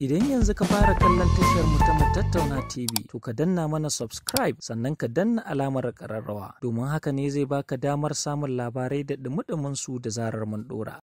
Idan yanzu ka fara kallon tashar mu ta tattauna TV, to ka danna mana subscribe sannan ka danna alamar ƙararrawa, domin haka ne zai baka damar samun labarai da dumi su da zarar mun ɗora.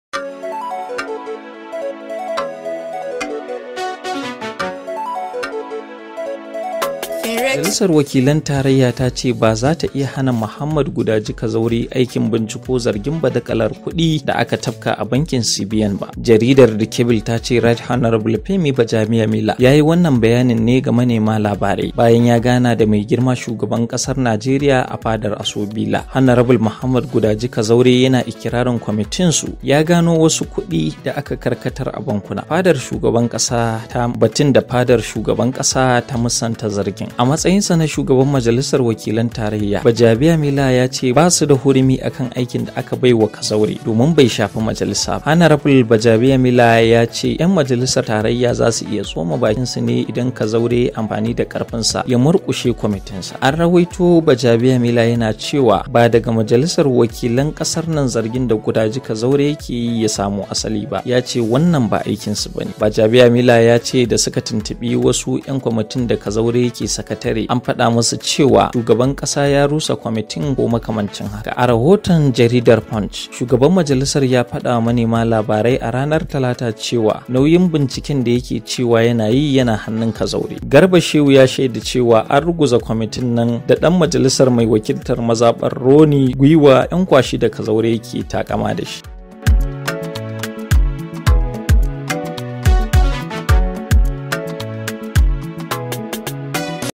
Majalisar wakilan tarayya ta ce ba za ta iya hana Muhammad jika Kazauri aikin binciko zargin badakalar kuɗi da aka tafka a bankin CBN ba. Jaridar The Cable ta ce Right Honorable Femi Bajamiya Mila ya yi wannan bayanin ne ga manema labarai bayan ya gana da mai girma shugaban ƙasar Najeriya a fadar Asobila. Honorable Muhammad Gudaji Kazauri yana ikirarin kwamitin su ya gano wasu kuɗi da aka karkatar a bankuna. Fadar shugaban ƙasa ta batun da fadar shugaban ƙasa ta musanta zargin. a matsayinsa na shugaban majalisar wakilan tarayya bajabiya mila ya ce ba su da hurumi akan aikin da aka bai wa kazaure domin bai shafi majalisa ba rafil bajabiya mila ya ce yan majalisar tarayya za su iya tsoma bakin su ne idan kazaure amfani da karfinsa ya murkushe kwamitinsa an rawaito bajabiya mila yana cewa ba daga majalisar wakilan kasar nan zargin da gudaji kazaure yake yi ya samu asali ba ya ce wannan ba aikinsu ba ne bajabiya mila ya ce da suka tuntubi wasu yan kwamitin da kazaure yake saka sakatare an faɗa musu cewa shugaban ƙasa ya rusa kwamitin ko makamancin haka a rahoton jaridar punch shugaban majalisar ya faɗa manema labarai a ranar talata cewa nauyin binciken da yake cewa yana yi yana hannun kazaure garba shehu ya shaida cewa an ruguza kwamitin nan da ɗan majalisar mai wakiltar mazaɓar roni gwiwa 'yan kwashi da kazaure yake takama da shi